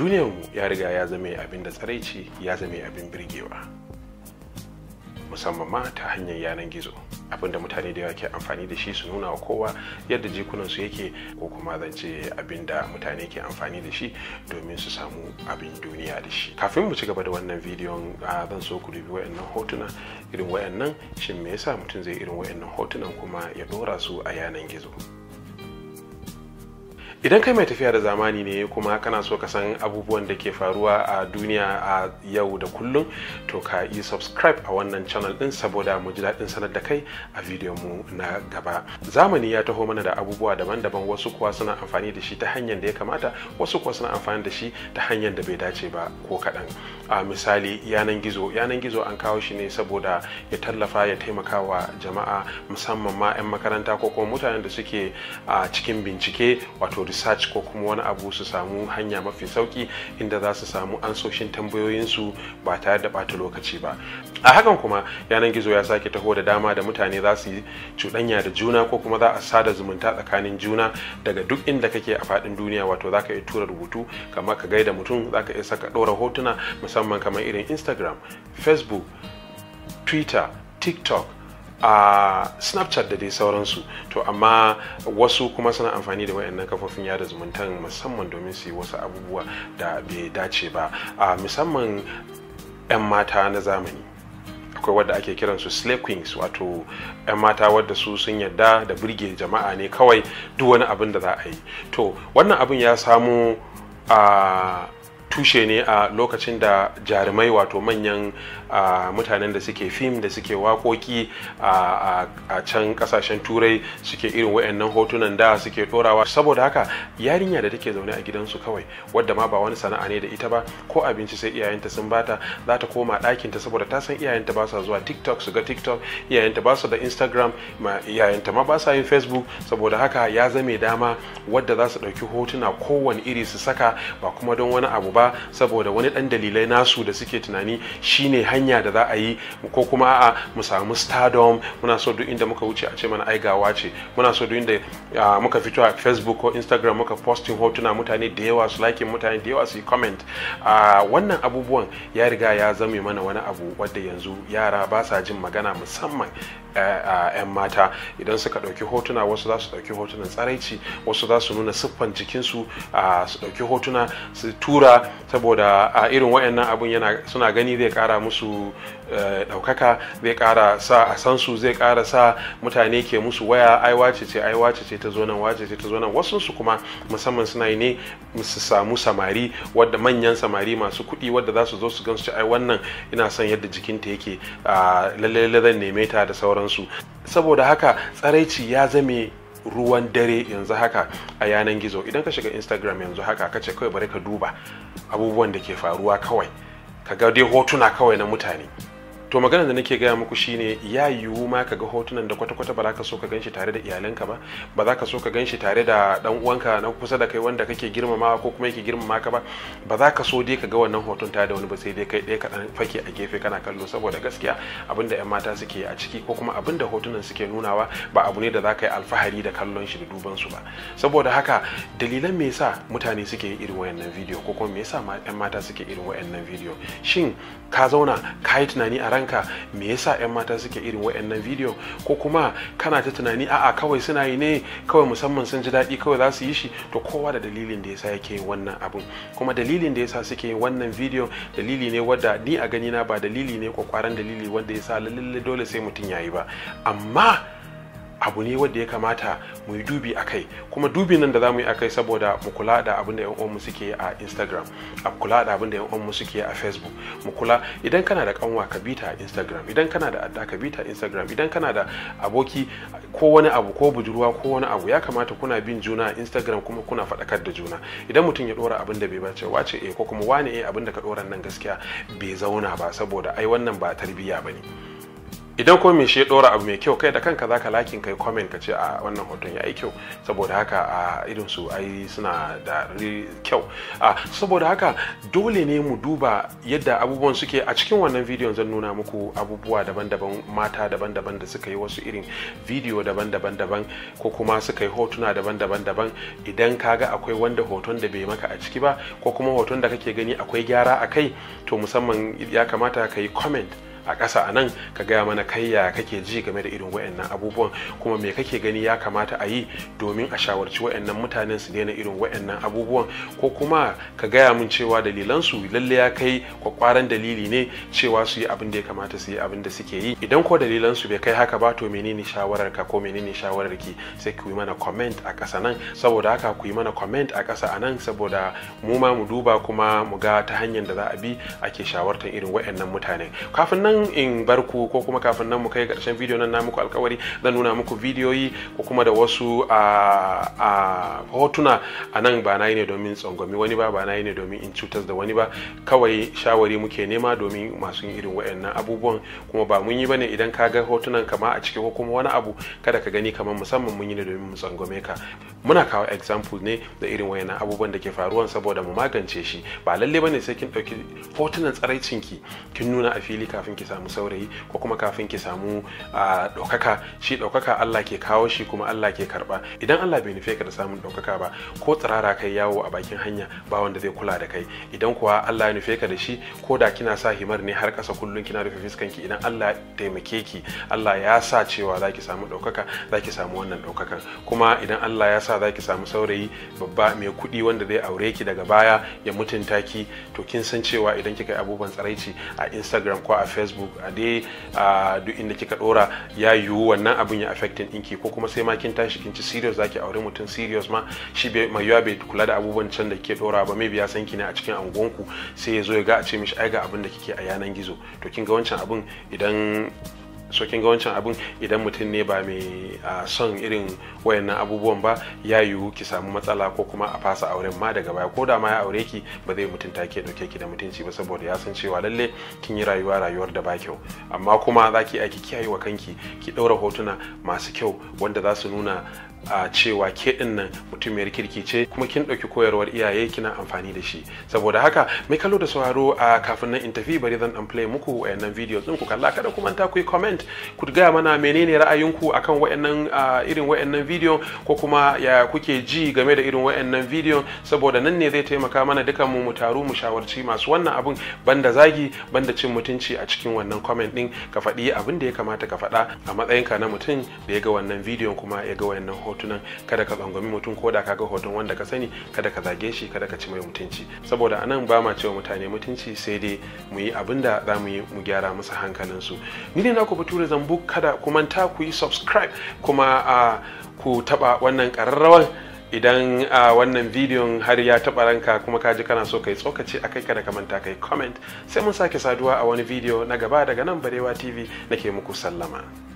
mu ya riga ya zame abin da tsaraici ya zame abin birgewa musamman ma ta hanyar yanar gizo abinda mutane da yawa ke amfani da shi su nuna wa kowa yadda jikunansu yake ko kuma zance abinda mutane ke amfani da shi domin su samu abin duniya da shi kafin mu ci gaba da wannan bidiyon zan so ku dubi wayannan hotuna irin wayannan shin me yasa mutum zai irin wayannan hotunan kuma ya dora su a yanar gizo idan kai mai tafiya da zamani ne kuma kana so ka san abubuwan da ke faruwa a duniya a yau da kullum to ka yi subscribe a wannan channel din saboda mu ji daɗin sanar da kai a bidiyon mu na gaba zamani ya taho mana da abubuwa daban-daban wasu kuwa suna amfani da shi ta hanyar da ya kamata wasu kuwa suna amfani da shi ta hanyar da bai dace ba ko kaɗan a misali yanan gizo yanan gizo an kawo shi ne saboda ya tallafa ya taimaka wa jama'a musamman ma 'yan makaranta ko kuma mutanen da suke a cikin bincike wato research ko kuma wani abu su samu hanya mafi sauki inda za su samu ansoshin tambayoyinsu ba tare da bata lokaci ba a hakan kuma yanar gizo ya sake taho da dama da mutane za su yi cuɗanya da juna ko kuma za a sada zumunta tsakanin juna daga duk inda kake a faɗin duniya wato za ka iya tura rubutu kamar ka gaida mutum za ka iya saka ɗora hotuna musamman kamar irin instagram facebook twitter tiktok a snapchat da dai sauransu to amma wasu kuma suna amfani da wayannan kafofin yada zumunta musamman domin su yi wasu abubuwa da bai dace ba a musamman 'yan mata na zamani akwai wadda ake kiran su slay queens wato 'yan mata wadda su sun yadda da birge jama'a ne kawai duk wani abin da za a yi to wannan abin ya samu a tushe ne a lokacin da jarumai wato manyan mutanen da suke fim da suke wakoki a can kasashen turai suke irin wayannan hotunan da suke dorawa. saboda haka yarinya da take zaune a gidansu kawai wadda ma ba wani sana'a ne da ita ba ko abinci sai iyayenta sun bata za ta koma ɗakinta saboda ta san iyayenta ba sa zuwa tiktok su ga tiktok iyayenta ba su da instagram iyayenta ma ba sa yin facebook saboda haka ya zame dama wadda za su ɗauki hotuna kowane iri su saka ba kuma don wani abu ba ba saboda wani dan dalilai nasu da suke tunani shine hanya da za a yi ko kuma a'a mu samu stardom muna so duk inda muka wuce a ce mana aigawa ce muna so duk inda muka fito a facebook ko instagram muka posting hotuna mutane da yawa su like mutane da yawa su yi comment wannan abubuwan ya riga ya zame mana wani abu wadda yanzu yara ba sa jin magana musamman a 'yan mata idan suka ɗauki hotuna wasu za su ɗauki hotunan tsaraici wasu za su nuna siffan jikinsu su ɗauki hotuna su tura saboda a irin wayannan abun yana suna gani zai kara musu daukaka eh, zai kara sa a san su zai kara sa mutane ke musu waya ai wace ce ai wace ce ta zo nan wace ce ta zo nan wasu su kuma musamman suna yi ne su samu samari wadda manyan samari masu kuɗi wadda za su zo su gan su ci ai wannan ina son yadda jikinta yake a ah, lalle zan neme ta da sauransu saboda haka tsaraici ya zame ruwan dare yanzu haka a yanan gizo idan ka shiga instagram yanzu haka ka ce kawai bari ka duba abubuwan da ke faruwa kawai ka ga dai hotuna kawai na mutane to maganar da nake gaya muku shine ya yiwu ma ka ga hotunan da kwata-kwata ba za ka so ka ganshi tare da iyalanka ba ba za ka so ka ganshi tare da dan uwanka na kusa da kai wanda kake girmamawa ko kuma yake girmama ka ba ba za ka so dai ka ga wannan hoton tare da wani ba sai dai kai ɗaya ka dan fake a gefe kana kallo saboda gaskiya abinda da 'yan mata suke a ciki ko kuma abin da hotunan suke nunawa ba abu ne da za ka yi alfahari da kallon shi da duban su ba saboda haka dalilan me yasa mutane suke yin irin wayannan bidiyo ko kuma me yasa 'yan mata suke irin wayannan bidiyo shin ka zauna ka yi tunani a ran kanka me yasa 'yan mata suke irin wa'annan bidiyo ko kuma kana ta tunani a'a kawai suna yi ne kawai musamman sun ji daɗi kawai za su yi shi to kowa da dalilin da yasa yake yin wannan abun kuma dalilin da yasa suke yin wannan bidiyo dalili ne wadda ni a gani na ba dalili ne kwakwaran dalili wanda yasa lalle dole sai mutum yayi ba amma abu ne wanda ya kamata mu yi dubi a kai kuma dubi nan da za mu yi a kai saboda mu kula da abin da suke a instagram a kula da abin da suke a facebook mu kula idan kana da kanwa ka bita instagram idan kana da adda ka bita instagram idan kana da aboki ko wani abu ko budurwa ko wani abu ya kamata kuna bin juna a instagram kuma kuna faɗakar da juna idan mutum ya dora abin da bai bace wace eh ko kuma wane eh abin da ka dora nan gaskiya bai zauna ba saboda ai wannan ba tarbiyya bane idan ko me shi ya dora abu mai kyau kai da kanka zaka lakin kai comment ka ce a wannan hoton yayi kyau saboda haka a irin su ai suna da kyau a saboda haka dole ne mu duba yadda abubuwan suke a cikin wannan bidiyon zan nuna muku abubuwa daban-daban mata daban-daban da suka yi wasu irin bidiyo daban-daban daban ko kuma suka yi hotuna daban-daban daban idan kaga akwai wanda hoton da bai maka a ciki ba ko kuma hoton da kake gani akwai gyara a kai to musamman ya kamata ka yi comment a ƙasa a nan ka gaya mana kai ya kake ji game da irin wayannan abubuwan kuma me kake gani ya kamata a yi domin a shawarci wayannan mutanen su daina irin wayannan abubuwan ko kuma ka gaya min cewa dalilansu lalle ya kai kwakwaran dalili ne cewa su yi abin da ya kamata su yi abin da suke yi idan ko dalilansu bai kai haka ba to menene shawarar ka ko menene shawarar ki sai ku yi mana comment a ƙasa nan saboda haka ku yi mana comment a ƙasa a nan saboda mu ma mu duba kuma mu ga ta hanyar da za a bi ake shawartar irin wayannan mutane kafin nan nan in bar ku ko kuma kafin nan mu kai karshen bidiyo nan na muku alkawari zan nuna muku bidiyoyi ko kuma da wasu a hotuna a nan ba na yi ne domin tsangwami wani ba ba na yi ne domin in cutar da wani ba kawai shawari muke nema domin masu yin irin wayannan abubuwan kuma ba mun yi bane idan ka ga hotunan kama a ciki ko kuma wani abu kada ka gani kamar musamman mun yi ne domin mu tsangwame ka muna kawo example ne da irin wayannan abubuwan da ke faruwa saboda mu magance shi ba lalle bane sai kin dauki hotunan tsaraicin ki kin nuna a fili kafin ki samu saurayi ko kuma kafin ki samu ɗaukaka shi ɗaukaka Allah ke kawo shi kuma Allah ke karba idan Allah bai nufe ka da samun ɗaukaka ba ko tsirara kai yawo a bakin hanya ba wanda zai kula da kai idan kuwa Allah ya nufe ka da shi ko da kina sa himar ne har ƙasa kullum kina rufe ki idan Allah ya taimake ki Allah ya sa cewa zaki samu ɗaukaka zaki samu wannan ɗaukakan kuma idan Allah ya sa za ki samu saurayi babba mai kuɗi wanda zai aure ki daga baya ya mutunta ki to kin san cewa idan kika yi abubuwan tsaraici a Instagram ko a Facebook facebook a dai a duk inda kika dora ya yiwu wannan abin ya affecting inki ko kuma sai ma kin tashi kin ci serious zaki aure mutum serious ma shi mai yawa bai kula da abubuwan can da kike dora ba maybe ya san ki ne a cikin angonku sai ya zo ya ga a ce mishi ai ga abin da kike a yanan gizo to kin ga wancan abin idan so kin ga wancan abin idan mutum ne ba mai son irin wayannan abubuwan ba ya yiwu ki samu matsala ko kuma a fasa auren ma daga baya ko da ma ya aure ki ba zai mutunta ke dauke ki da mutunci ba saboda ya san cewa lalle kin yi rayuwa rayuwar da ba kyau amma kuma za ki aiki kiyaye wa kanki ki daura hotuna masu kyau wanda za su nuna a cewa ke din nan mutumiyar kirki ce kuma kin ɗauki koyarwar iyaye kina amfani da shi saboda haka mai kallo da sauraro a kafin nan in tafi bari zan dan play muku wayannan video din ku kalla kada ku manta ku yi comment ku ga mana menene ra'ayinku akan wayannan irin wayannan video ko kuma ya kuke ji game da irin wayannan video saboda nan ne zai taimaka mana dukan mu mu taru mu shawarci masu wannan abun banda zagi banda cin mutunci a cikin wannan comment din ka faɗi abin da ya kamata ka faɗa a matsayinka na mutum da ya ga wannan bidiyon kuma ya ga wayannan hotunan kada ka tsangwami mutum ko da ka ga hoton wanda ka sani kada ka zage shi kada ka ci mai mutunci saboda anan ba ma cewa mutane mutunci sai dai mu yi abin da za mu yi mu gyara musu hankalinsu ni ne na ku bature zambu kada ku manta ku yi subscribe kuma a ku taba wannan kararrawar idan a wannan bidiyon har ya taɓa ranka kuma ka ji kana so kai tsokaci akai kai kada ka manta kai comment sai mun sake saduwa a wani bidiyo na gaba daga nan barewa tv nake muku sallama